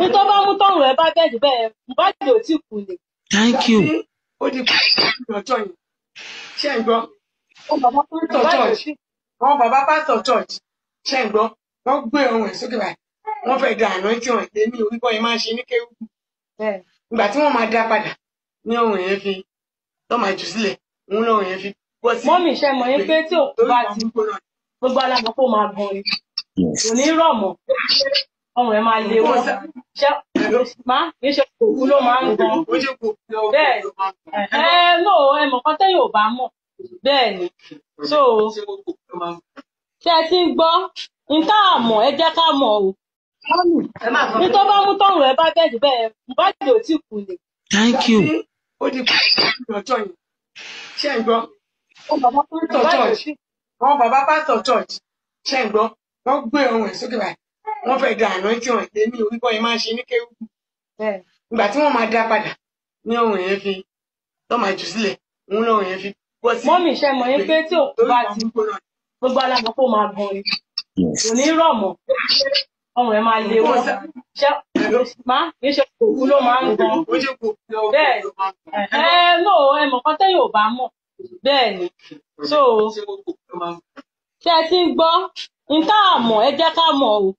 ní tó bá mú tọrùn ẹ bá bẹ́ẹ̀ jù bẹ́ẹ̀ Mohbad ò tí kú ni. thank you. ó di pàtàkì ọjọ́ yìí ṣe ń gbọ́ wọn bàbá pásítọ̀ church wọn bàbá pásítọ̀ church ṣe ń gbọ́ wọn gbé ohun ẹ̀ sókè báyìí wọn fẹ́ẹ́ da àná tí wọn èmi ò rí bọ́ ẹ máa ṣe ní kéwù ìgbà tí wọ́n máa dá padà ní ohun yẹn fi tó máa jù sílẹ̀ òun náà ohun yẹn fi bọ́ sí. mọ́mì ṣe mọ̀ yín pé tí òkú bá ti gbogbo alágbó máa gan ni kò ní rọ̀ mọ́ ọrùn ẹ máa le wọ́n ṣe máa ń ṣe òkú ló máa ń gan bẹ́ẹ̀ ẹ lò ẹ mọ̀ kan tẹ́yìn bá mọ̀ bẹ́ẹ̀ ni so tí ẹ ti ń gbọ́ n tá a mọ̀ ẹ jẹ́ ká mọ̀ o ní bá mú tọrùn ẹ bá bẹ́ẹ̀ jù bẹ́ẹ̀ bá ò tí kù ni. thank you. ó di pàtàkì ọjọ́ yìí ṣé ń gbọ́ wọ́n bàbá pásítọ̀ church wọ́n bàbá pásítọ̀ church ṣé ń gbọ́ wọ́n gbé ohun ẹ̀ sókè báyìí wọ́n fẹ́ da àná tí wọ́n gbé mi orúkọ yẹn máa ń ṣe ní kéwù ìgbà tí wọ́n máa dá padà ní ọ̀hún yẹn fi tó máa jù sílẹ̀ òun lọ́hún yẹn fi bọ́ sí. mọ́mí iṣẹ́ mọ̀ yín pé tí òkú bá ti gbogbo alágbó kó máa gan ni kò ní rọ̀ mọ́ ọrùn ẹ máa le wọ́n ṣe má kì í ṣe òkú ló máa ń gan bẹ́ẹ̀ ẹ lóò ẹ kan tẹ́yìn ò bá mọ̀ bẹ́ẹ̀ ni so ṣé ti gbọ́ ń tá àmọ̀ ẹ jẹ́ ká mọ̀ o.